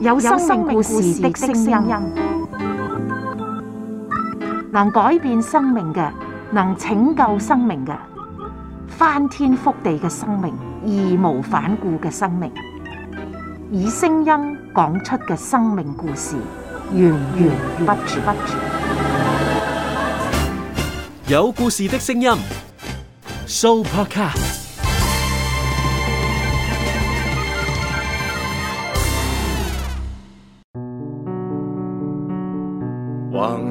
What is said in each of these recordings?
有生命故事的聲音，能改變生命嘅，能拯救生命嘅，翻天覆地嘅生命，義無反顧嘅生命，以聲音講出嘅生命故事，源源不絕。有故事的聲音，Soupercast。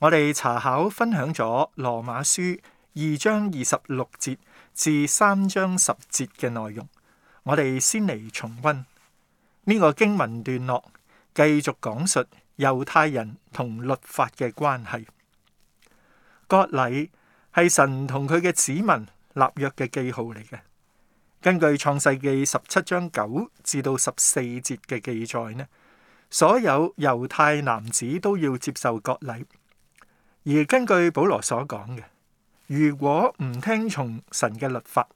我哋查考分享咗《羅馬書》二章二十六節至三章十節嘅內容。我哋先嚟重溫呢個經文段落，繼續講述猶太人同律法嘅關係。割禮係神同佢嘅子民立約嘅記號嚟嘅。根據《創世記》十七章九至到十四節嘅記載呢，所有猶太男子都要接受割禮。而根據保羅所講嘅，如果唔聽從神嘅律法，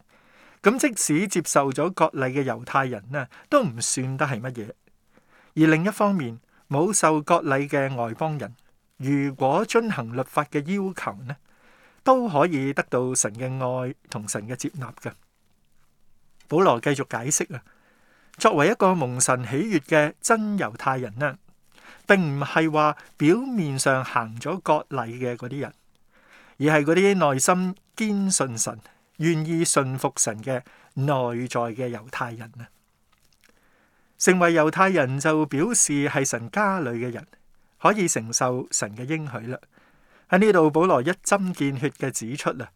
咁即使接受咗割禮嘅猶太人呢，都唔算得係乜嘢。而另一方面，冇受割禮嘅外邦人，如果遵行律法嘅要求呢，都可以得到神嘅愛同神嘅接納嘅。保羅繼續解釋啊，作為一個蒙神喜悅嘅真猶太人呢，並唔係話表面上行咗割禮嘅嗰啲人，而係嗰啲內心堅信神、願意信服神嘅內在嘅猶太人啊！成為猶太人就表示係神家裏嘅人，可以承受神嘅應許啦。喺呢度，保羅一針見血嘅指出啦，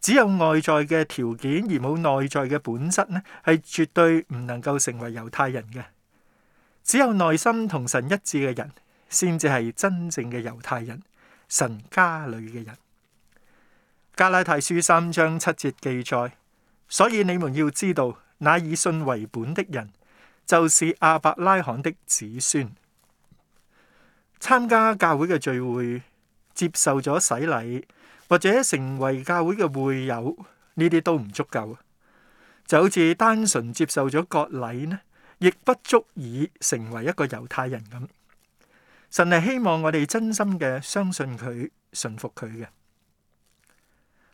只有外在嘅條件而冇內在嘅本質呢，係絕對唔能夠成為猶太人嘅。只有內心同神一致嘅人，先至係真正嘅猶太人，神家裏嘅人。加拉太書三章七節記載，所以你們要知道，那以信為本的人，就是亞伯拉罕的子孫。參加教會嘅聚會，接受咗洗禮，或者成為教會嘅會友，呢啲都唔足夠。就好似單純接受咗割禮呢，亦不足以成為一個猶太人咁。神係希望我哋真心嘅相信佢、信服佢嘅。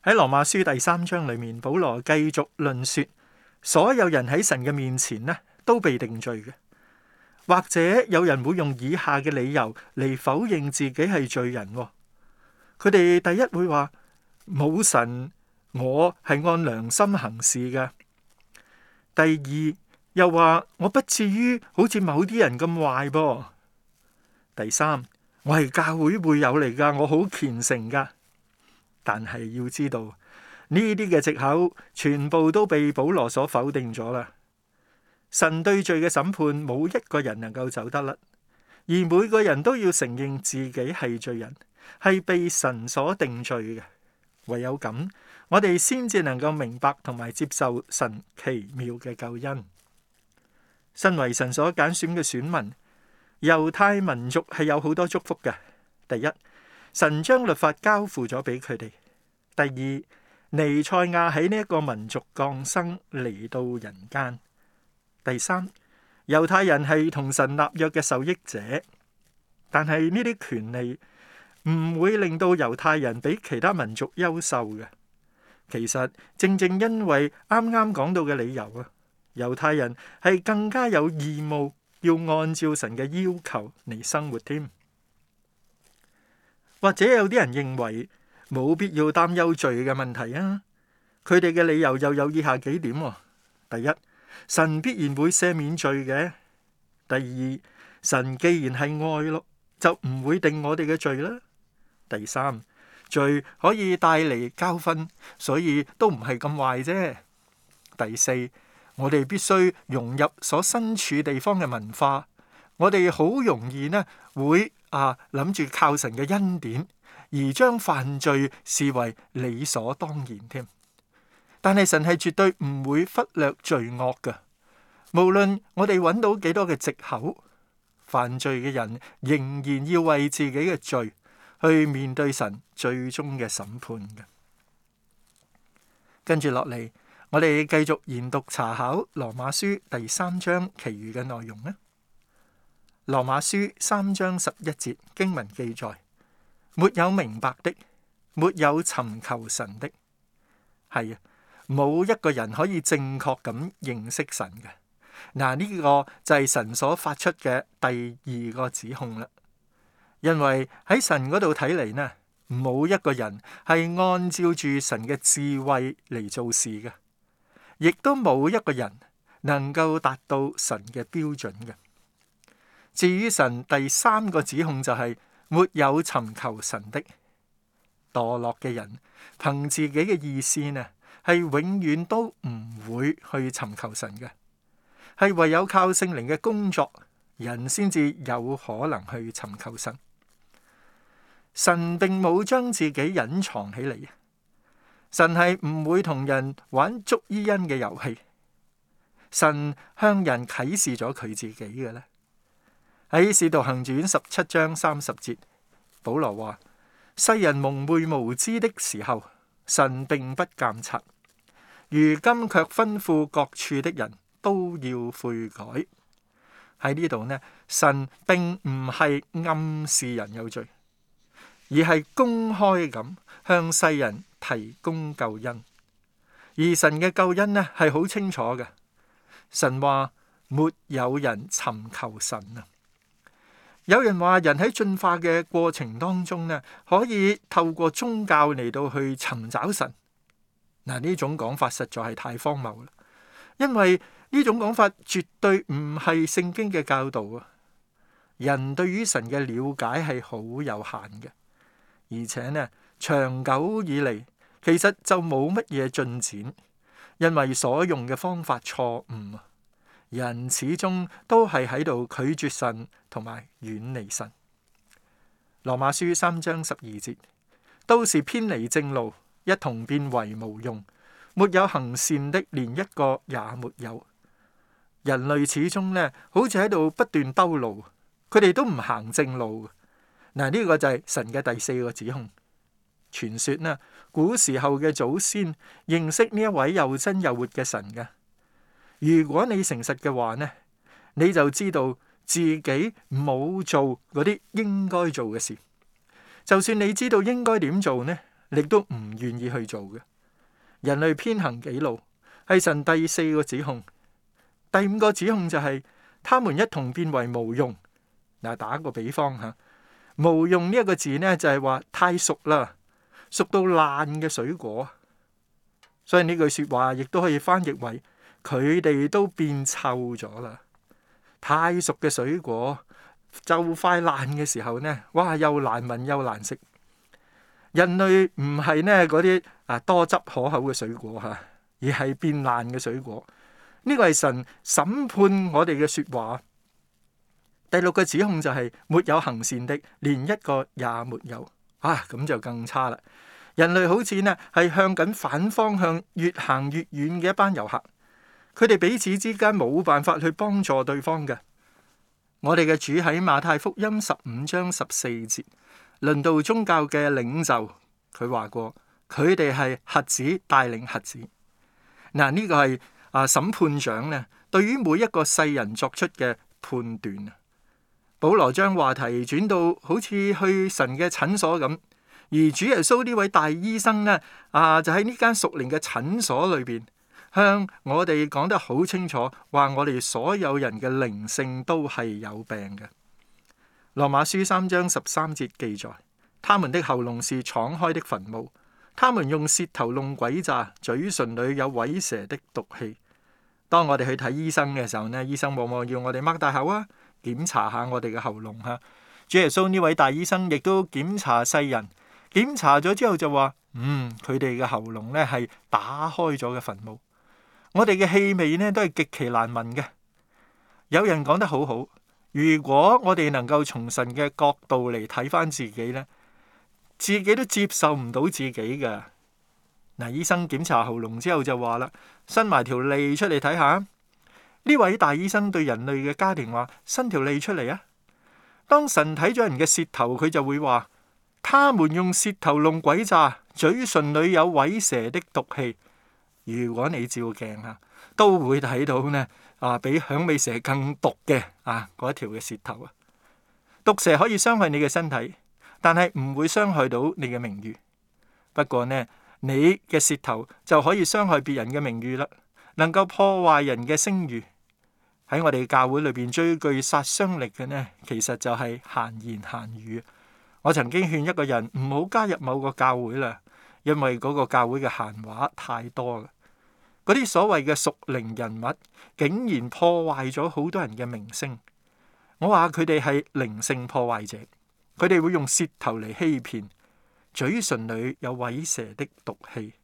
喺羅馬書第三章裏面，保羅繼續論說，所有人喺神嘅面前咧都被定罪嘅。或者有人會用以下嘅理由嚟否認自己係罪人。佢哋第一會話冇神，我係按良心行事嘅。第二。又話我不至於好似某啲人咁壞噃。第三，我係教會會友嚟噶，我好虔誠噶。但係要知道呢啲嘅藉口，全部都被保羅所否定咗啦。神對罪嘅審判，冇一個人能夠走得甩，而每個人都要承認自己係罪人，係被神所定罪嘅。唯有咁，我哋先至能夠明白同埋接受神奇妙嘅救恩。身為神所揀選嘅選民，猶太民族係有好多祝福嘅。第一，神將律法交付咗俾佢哋；第二，彌賽亞喺呢一個民族降生嚟到人間；第三，猶太人係同神立約嘅受益者。但係呢啲權利唔會令到猶太人比其他民族優秀嘅。其實正正因為啱啱講到嘅理由啊！猶太人係更加有義務要按照神嘅要求嚟生活添，或者有啲人認為冇必要擔憂罪嘅問題啊。佢哋嘅理由又有以下幾點：第一，神必然會赦免罪嘅；第二，神既然係愛咯，就唔會定我哋嘅罪啦；第三，罪可以帶嚟教訓，所以都唔係咁壞啫；第四。我哋必須融入所身處地方嘅文化。我哋好容易咧會啊諗住靠神嘅恩典，而將犯罪視為理所當然添。但係神係絕對唔會忽略罪惡㗎。無論我哋揾到幾多嘅藉口，犯罪嘅人仍然要為自己嘅罪去面對神最終嘅審判嘅。跟住落嚟。我哋繼續研讀查考羅馬書第三章其餘嘅內容。呢羅馬書三章十一節經文記載：沒有明白的，沒有尋求神的，係啊，冇一個人可以正確咁認識神嘅。嗱，呢個就係神所發出嘅第二個指控啦。因為喺神嗰度睇嚟呢，冇一個人係按照住神嘅智慧嚟做事嘅。亦都冇一個人能夠達到神嘅標準嘅。至於神第三個指控就係、是、沒有尋求神的墮落嘅人，憑自己嘅意思呢，係永遠都唔會去尋求神嘅。係唯有靠聖靈嘅工作，人先至有可能去尋求神。神並冇將自己隱藏起嚟。神係唔會同人玩捉伊恩嘅遊戲，神向人啟示咗佢自己嘅咧。喺使徒行傳十七章三十節，保羅話：世人蒙昧無知的時候，神並不監察；如今卻吩咐各處的人都要悔改。喺呢度呢，神並唔係暗示人有罪，而係公開咁。向世人提供救恩，而神嘅救恩呢，係好清楚嘅。神話，沒有人尋求神啊。有人話，人喺進化嘅過程當中呢，可以透過宗教嚟到去尋找神。嗱，呢種講法實在係太荒謬啦，因為呢種講法絕對唔係聖經嘅教導啊。人對於神嘅了解係好有限嘅，而且呢。長久以嚟，其實就冇乜嘢進展，因為所用嘅方法錯誤。人始終都係喺度拒絕神，同埋遠離神。羅馬書三章十二節，都是偏離正路，一同變為無用，沒有行善的，連一個也沒有。人類始終呢，好似喺度不斷兜路，佢哋都唔行正路。嗱，呢個就係神嘅第四個指控。傳說呢，古時候嘅祖先認識呢一位又真又活嘅神嘅。如果你誠實嘅話呢，你就知道自己冇做嗰啲應該做嘅事。就算你知道應該點做呢，你都唔願意去做嘅。人類偏行己路，係神第四個指控。第五個指控就係，他們一同變為無用。嗱，打一個比方吓，無用呢一個字呢，就係話太熟啦。熟到爛嘅水果，所以呢句說話亦都可以翻譯為佢哋都變臭咗啦。太熟嘅水果就快爛嘅時候呢，哇！又難聞又難食。人類唔係呢嗰啲啊多汁可口嘅水果吓，而係變爛嘅水果。呢個係神審判我哋嘅說話。第六個指控就係、是、沒有行善的，連一個也沒有。啊，咁就更差啦！人類好似呢，係向緊反方向越行越遠嘅一班遊客，佢哋彼此之間冇辦法去幫助對方嘅。我哋嘅主喺馬太福音十五章十四節論到宗教嘅領袖，佢話過佢哋係瞎子帶領瞎子。嗱、啊、呢、呢個係啊審判長咧，對於每一個世人作出嘅判斷。保羅將話題轉到好似去神嘅診所咁，而主耶穌呢位大醫生呢，啊就喺呢間熟年嘅診所裏邊，向我哋講得好清楚，話我哋所有人嘅靈性都係有病嘅。羅馬書三章十三節記載，他們的喉嚨是敞開的墳墓，他們用舌頭弄詭詐，嘴唇裏有虺蛇的毒氣。當我哋去睇醫生嘅時候呢，醫生往往要我哋擘大口啊。檢查下我哋嘅喉嚨吓，主耶穌呢位大醫生亦都檢查世人，檢查咗之後就話：嗯，佢哋嘅喉嚨呢係打開咗嘅墳墓，我哋嘅氣味呢都係極其難聞嘅。有人講得好好，如果我哋能夠從神嘅角度嚟睇翻自己呢，自己都接受唔到自己噶。嗱，醫生檢查喉嚨之後就話啦，伸埋條脷出嚟睇下。呢位大醫生對人類嘅家庭話：伸條脷出嚟啊！當神睇咗人嘅舌頭，佢就會話：他們用舌頭弄詭詐，嘴唇裏有虺蛇的毒氣。如果你照鏡啊，都會睇到呢啊，比響尾蛇更毒嘅啊嗰條嘅舌頭啊！毒蛇可以傷害你嘅身體，但係唔會傷害到你嘅名譽。不過呢，你嘅舌頭就可以傷害別人嘅名譽啦，能夠破壞人嘅聲譽。喺我哋教會裏邊最具殺傷力嘅呢，其實就係閒言閒語。我曾經勸一個人唔好加入某個教會啦，因為嗰個教會嘅閒話太多啦。嗰啲所謂嘅屬靈人物，竟然破壞咗好多人嘅名聲。我話佢哋係靈性破壞者，佢哋會用舌頭嚟欺騙，嘴唇裏有虺蛇的毒氣。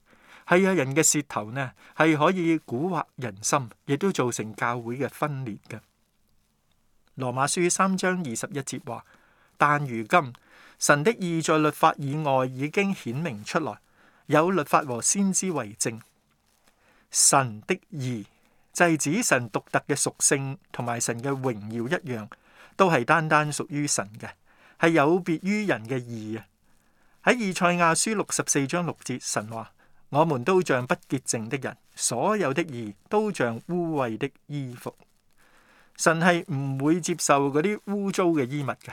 係啊，人嘅舌頭呢，係可以蠱惑人心，亦都造成教會嘅分裂嘅。羅馬書三章二十一節話：但如今神的義在律法以外已經顯明出來，有律法和先知為證。神的義就係、是、指神獨特嘅屬性同埋神嘅榮耀一樣，都係單單屬於神嘅，係有別於人嘅義啊。喺以賽亞書六十四章六節，神話。我們都像不潔淨的人，所有的義都像污穢的衣服。神係唔會接受嗰啲污糟嘅衣物嘅。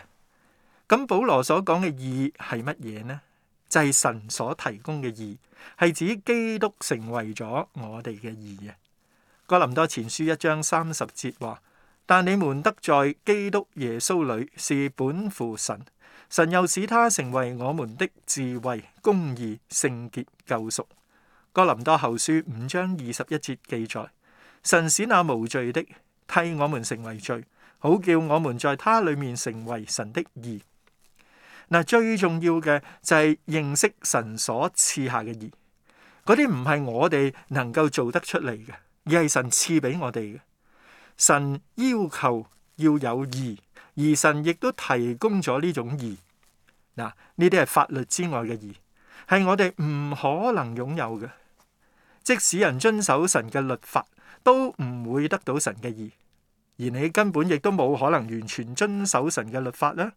咁保羅所講嘅義係乜嘢呢？就係、是、神所提供嘅義，係指基督成為咗我哋嘅義啊。哥林多前書一章三十節話：但你們得在基督耶穌裏是本乎神，神又使他成為我們的智慧、公義、聖潔、救贖。哥林多後書五章二十一節記載：神使那無罪的替我們成為罪，好叫我們在他裏面成為神的義。嗱，最重要嘅就係認識神所賜下嘅義，嗰啲唔係我哋能夠做得出嚟嘅，而係神賜俾我哋嘅。神要求要有義，而神亦都提供咗呢種義。嗱，呢啲係法律之外嘅義，係我哋唔可能擁有嘅。即使人遵守神嘅律法，都唔會得到神嘅義，而你根本亦都冇可能完全遵守神嘅律法啦。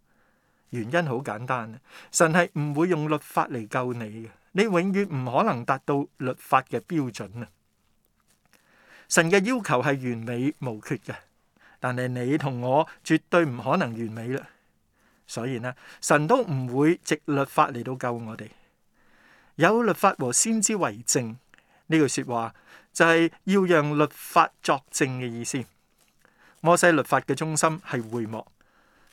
原因好簡單，神係唔會用律法嚟救你嘅，你永遠唔可能達到律法嘅標準啊！神嘅要求係完美無缺嘅，但係你同我絕對唔可能完美啦，所以呢，神都唔會藉律法嚟到救我哋。有律法和先知為證。呢句說話就係要讓律法作證嘅意思。摩西律法嘅中心係會幕，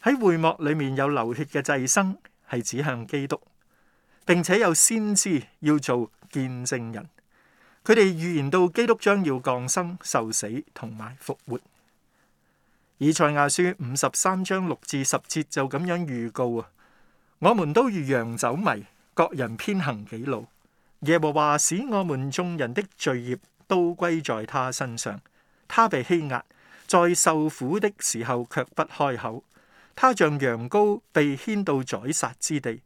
喺會幕裏面有流血嘅祭牲，係指向基督，並且有先知要做見證人。佢哋預言到基督將要降生、受死同埋復活。以賽亞書五十三章六至十節就咁樣預告啊！我們都如羊走迷，各人偏行己路。耶和華使我們眾人的罪孽都歸在他身上，他被欺壓，在受苦的時候卻不開口。他像羊羔被牽到宰殺之地，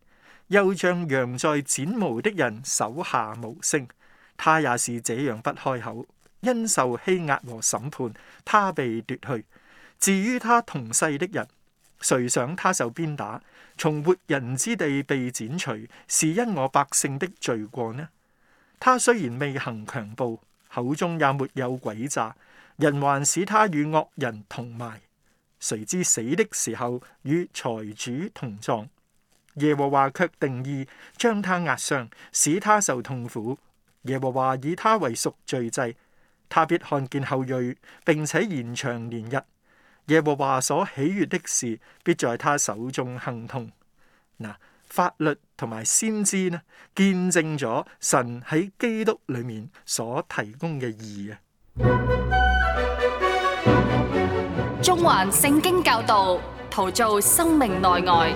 又像羊在剪毛的人手下無聲。他也是這樣不開口，因受欺壓和審判，他被奪去。至於他同世的人，誰想他受鞭打？從活人之地被剪除，是因我百姓的罪過呢？他雖然未行強暴，口中也沒有詭詐，人還使他與惡人同埋，誰知死的時候與財主同葬？耶和華卻定意將他壓傷，使他受痛苦。耶和華以他為贖罪祭，他必看見後裔，並且延長年日。耶和華所喜悅的事，必在他手中亨通。嗱，法律同埋先知呢，見證咗神喺基督裏面所提供嘅義嘅。中環聖經教導，陶造生命內外。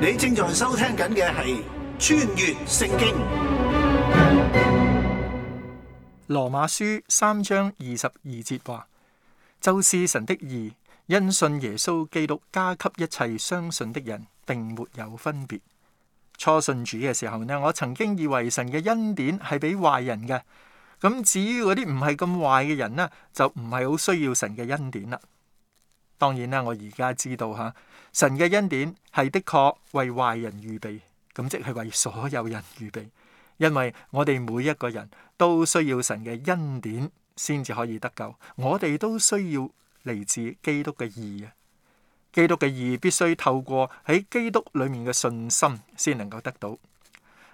你正在收聽緊嘅係《穿越聖經》。羅馬書三章二十二節話：就是神的義，因信耶穌基督加給一切相信的人，並沒有分別。初信主嘅時候呢，我曾經以為神嘅恩典係俾壞人嘅，咁至於嗰啲唔係咁壞嘅人呢，就唔係好需要神嘅恩典啦。當然啦，我而家知道吓，神嘅恩典係的確為壞人預備，咁即係為所有人預備。因為我哋每一個人都需要神嘅恩典，先至可以得救。我哋都需要嚟自基督嘅義啊！基督嘅義必須透過喺基督裡面嘅信心先能夠得到。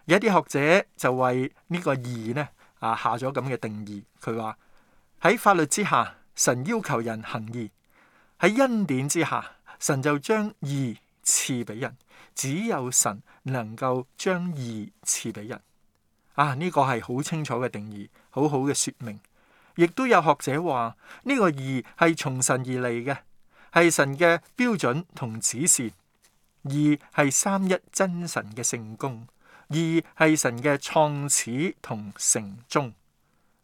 有一啲學者就為呢個義呢啊下咗咁嘅定義，佢話喺法律之下，神要求人行義；喺恩典之下，神就將義賜俾人。只有神能夠將義賜俾人。啊！呢、這個係好清楚嘅定義，好好嘅說明。亦都有學者話呢、這個義係從神而嚟嘅，係神嘅標準同指示。義係三一真神嘅成功，義係神嘅創始同成終。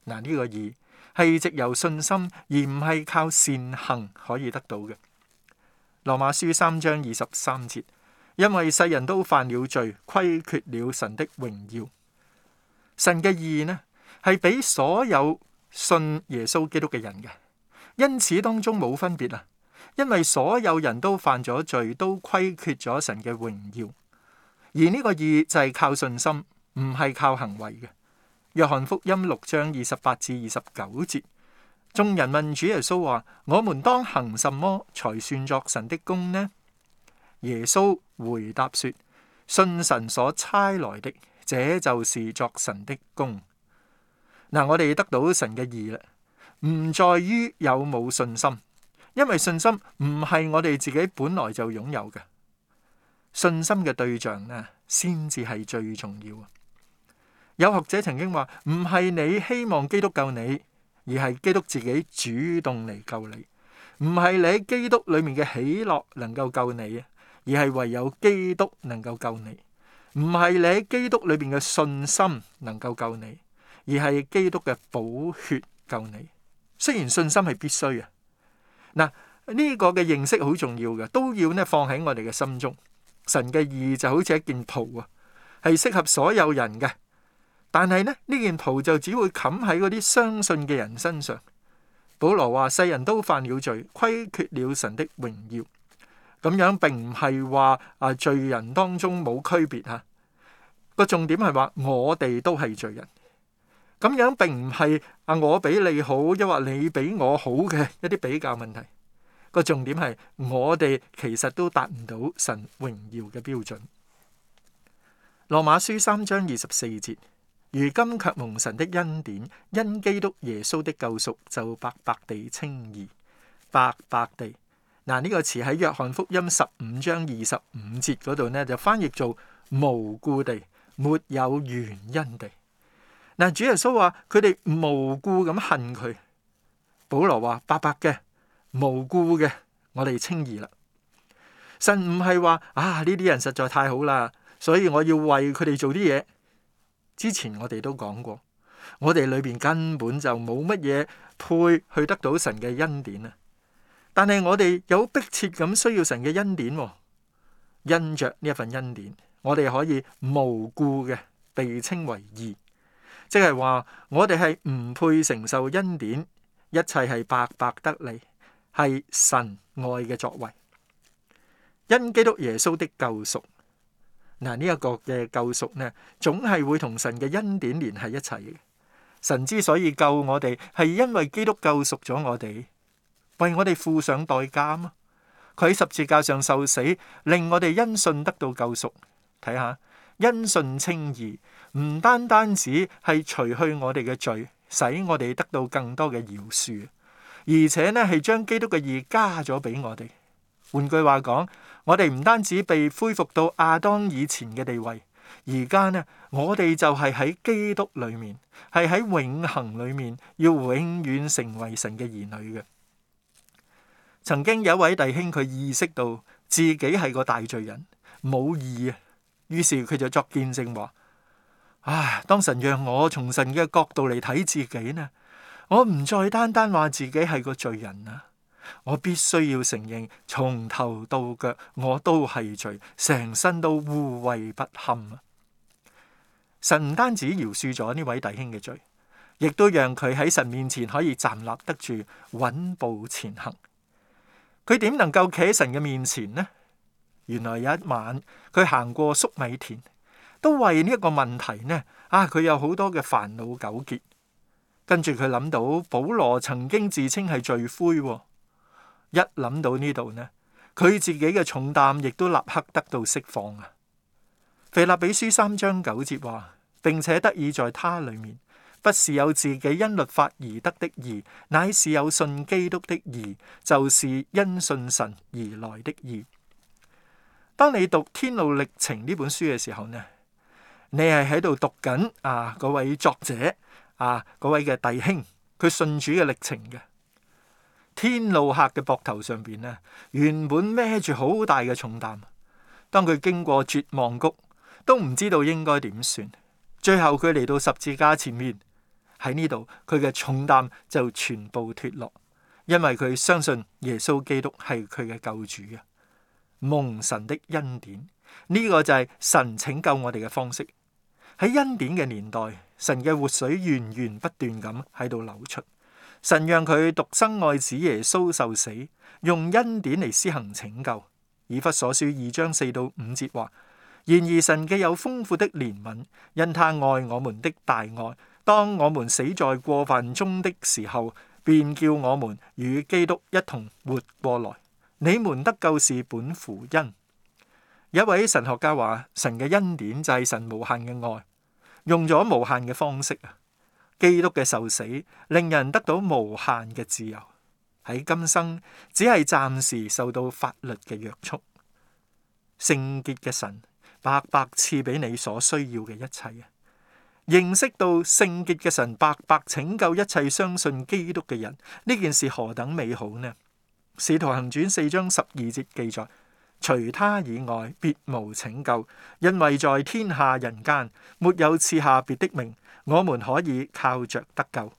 嗱、啊，呢、這個義係藉由信心而唔係靠善行可以得到嘅。羅馬書三章二十三節，因為世人都犯了罪，虧缺了神的榮耀。神嘅意義呢，係俾所有信耶穌基督嘅人嘅，因此當中冇分別啊，因為所有人都犯咗罪，都虧缺咗神嘅榮耀。而呢個意義就係靠信心，唔係靠行為嘅。約翰福音六章二十八至二十九節，眾人問主耶穌話：我們當行什麼才算作神的工呢？耶穌回答說：信神所差來的。這就是作神的功。嗱，我哋得到神嘅義啦，唔在於有冇信心，因為信心唔係我哋自己本來就擁有嘅。信心嘅對象呢，先至係最重要啊。有學者曾經話：唔係你希望基督救你，而係基督自己主動嚟救你。唔係你喺基督裏面嘅喜樂能夠救你啊，而係唯有基督能夠救你。唔係你喺基督裏邊嘅信心能夠救你，而係基督嘅寶血救你。雖然信心係必須嘅，嗱呢個嘅認識好重要嘅，都要呢放喺我哋嘅心中。神嘅義就好似一件袍啊，係適合所有人嘅，但係呢呢件袍就只會冚喺嗰啲相信嘅人身上。保羅話：世人都犯了罪，虧缺了神的榮耀。咁樣並唔係話啊罪人當中冇區別啊，個重點係話我哋都係罪人。咁樣並唔係啊我比你好，抑或你比我好嘅一啲比較問題。個重點係我哋其實都達唔到神榮耀嘅標準。羅馬書三章二十四節，如今卻蒙神的恩典，因基督耶穌的救贖，就白白地稱義，白白地。嗱，呢個詞喺約翰福音十五章二十五節嗰度咧，就翻譯做無故地、沒有原因地。嗱，主耶穌話佢哋無故咁恨佢。保羅話白白嘅、無故嘅，我哋稱義啦。神唔係話啊呢啲人實在太好啦，所以我要為佢哋做啲嘢。之前我哋都講過，我哋裏邊根本就冇乜嘢配去得到神嘅恩典啊！但係我哋有迫切咁需要神嘅恩典哦，因着呢一份恩典，我哋可以無故嘅被稱為義，即係話我哋係唔配承受恩典，一切係白白得嚟，係神愛嘅作為，因基督耶穌的救贖。嗱，呢一個嘅救贖呢，總係會同神嘅恩典連繫一齊嘅。神之所以救我哋，係因為基督救贖咗我哋。為我哋付上代價嗎？佢喺十字架上受死，令我哋因信得到救贖。睇下因信稱義，唔單單止係除去我哋嘅罪，使我哋得到更多嘅饒恕，而且呢係將基督嘅義加咗俾我哋。換句話講，我哋唔單止被恢復到亞當以前嘅地位，而家呢，我哋就係喺基督裏面，係喺永恆裏面要永遠成為神嘅兒女嘅。曾經有一位弟兄，佢意識到自己係個大罪人，冇義啊。於是佢就作見證話：唉，當神讓我從神嘅角度嚟睇自己呢，我唔再單單話自己係個罪人啦。我必須要承認，從頭到腳我都係罪，成身都污穢不堪啊！神唔單止饒恕咗呢位弟兄嘅罪，亦都讓佢喺神面前可以站立得住，穩步前行。佢點能夠企喺神嘅面前呢？原來有一晚佢行過粟米田，都為呢一個問題呢。啊，佢有好多嘅煩惱糾結，跟住佢諗到保羅曾經自稱係罪魁，哦，一諗到呢度呢，佢自己嘅重擔亦都立刻得到釋放啊。腓立比書三章九節話，並且得以在他裏面，不是有自己因律法而得的義，乃是有信基督的義，就是因信神而來的義。當你讀《天路歷程》呢本書嘅時候呢，你係喺度讀緊啊嗰位作者啊嗰位嘅弟兄，佢信主嘅歷程嘅。天路客嘅膊頭上邊呢，原本孭住好大嘅重擔，當佢經過絕望谷，都唔知道應該點算。最後佢嚟到十字架前面。喺呢度，佢嘅重擔就全部脱落，因為佢相信耶穌基督係佢嘅救主嘅，蒙神的恩典。呢個就係神拯救我哋嘅方式。喺恩典嘅年代，神嘅活水源源不斷咁喺度流出。神讓佢獨生愛子耶穌受死，用恩典嚟施行拯救。以弗所書二章四到五節話：然而神既有豐富的憐憫，因他愛我們的大愛。當我們死在過犯中的時候，便叫我們與基督一同活過來。你們得救是本乎恩。有一位神學家話：神嘅恩典就係神無限嘅愛，用咗無限嘅方式啊。基督嘅受死，令人得到無限嘅自由。喺今生只係暫時受到法律嘅約束。聖潔嘅神白白賜俾你所需要嘅一切。認識到聖潔嘅神白白拯救一切相信基督嘅人，呢件事何等美好呢？使徒行傳四章十二節記載：除他以外，別無拯救，因為在天下人間沒有賜下別的名，我們可以靠着得救。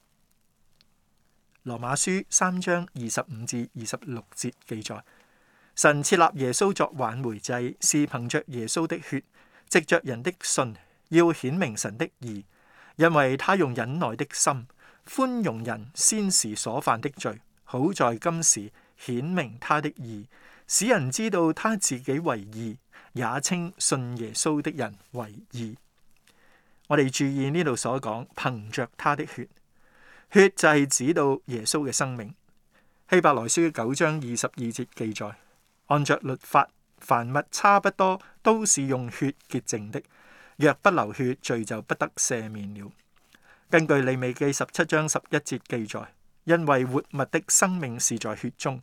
羅馬書三章二十五至二十六節記載：神設立耶穌作挽回祭，是憑着耶穌的血，藉着人的信。要顯明神的義，因為他用忍耐的心寬容人，先時所犯的罪，好在今時顯明他的義，使人知道他自己為義，也稱信耶穌的人為義。我哋注意呢度所講，憑着他的血，血就係指到耶穌嘅生命。希伯來書嘅九章二十二節記載，按着律法，凡物差不多都是用血潔淨的。若不流血，罪就不得赦免了。根據利未記十七章十一節記載，因為活物的生命是在血中，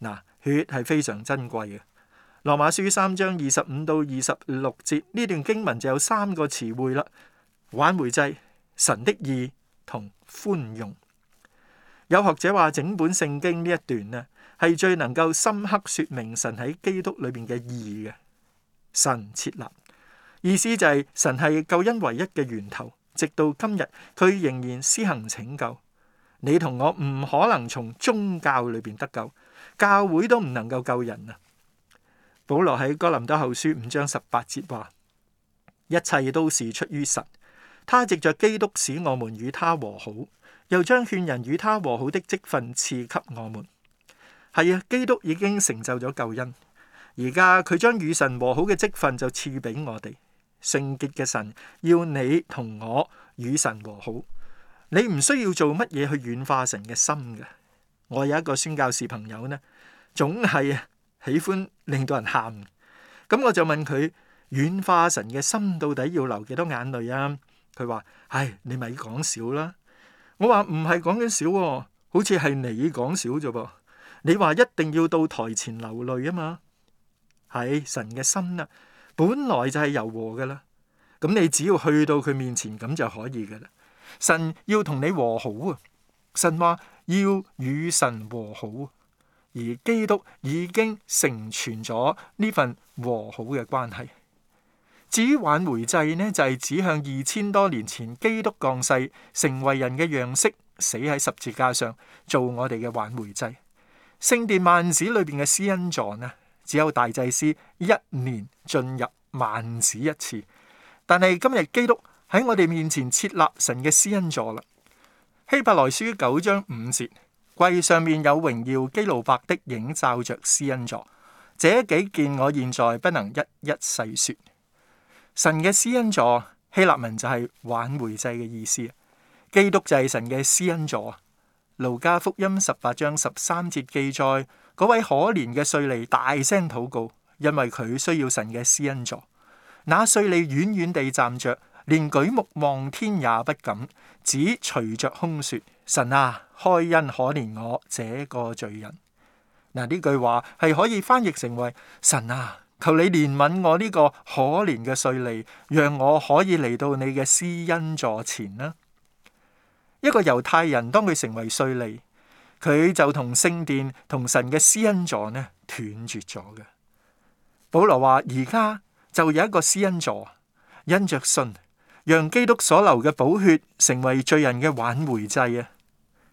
嗱，血係非常珍貴嘅。羅馬書三章二十五到二十六節呢段經文就有三個詞彙啦：挽回祭、神的義同寬容。有學者話，整本聖經呢一段呢係最能夠深刻說明神喺基督裏面嘅意義嘅。神設立。意思就係、是、神係救恩唯一嘅源頭，直到今日佢仍然施行拯救。你同我唔可能從宗教裏邊得救，教會都唔能夠救人啊。保羅喺哥林多後書五章十八節話：一切都是出於神，他藉著基督使我們與他和好，又將勸人與他和好的職分賜給我們。係啊，基督已經成就咗救恩，而家佢將與神和好嘅職分就賜俾我哋。聖潔嘅神要你同我與神和好，你唔需要做乜嘢去軟化神嘅心㗎。我有一個宣教士朋友呢，總係喜歡令到人喊。咁我就問佢：軟化神嘅心到底要流幾多眼淚啊？佢話：唉，你咪講笑啦。我話唔係講緊笑，好似係你講笑咋噃。你話一定要到台前流淚啊嘛？喺神嘅心啊！本來就係柔和噶啦，咁你只要去到佢面前咁就可以噶啦。神要同你和好啊，神話要與神和好，而基督已經成全咗呢份和好嘅關係。至於挽回祭呢，就係、是、指向二千多年前基督降世，成為人嘅樣式，死喺十字架上做我哋嘅挽回祭。聖殿萬子裏邊嘅施恩座啊。只有大祭司一年進入幔子一次，但係今日基督喺我哋面前設立神嘅施恩座啦。希伯來書九章五節，櫃上面有榮耀基路伯的影罩着施恩座，這幾件我現在不能一一細說。神嘅施恩座，希臘文就係挽回祭嘅意思。基督就係神嘅施恩座。路加福音十八章十三節記載。嗰位可憐嘅稅吏大聲禱告，因為佢需要神嘅施恩座。那稅吏遠遠地站着，連舉目望天也不敢，只垂着胸說：神啊，開恩可憐我這個罪人。嗱，呢句話係可以翻譯成為：神啊，求你憐憫我呢個可憐嘅稅吏，讓我可以嚟到你嘅施恩座前啦。一個猶太人當佢成為稅吏。佢就同聖殿、同神嘅施恩座呢斷絕咗嘅。保羅話：而家就有一個施恩座，因着信，讓基督所流嘅寶血成為罪人嘅挽回祭啊！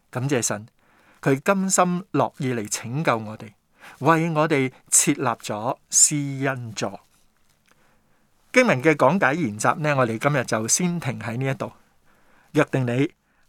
感謝神，佢甘心樂意嚟拯救我哋，為我哋設立咗施恩座。經文嘅講解研習呢，我哋今日就先停喺呢一度，約定你。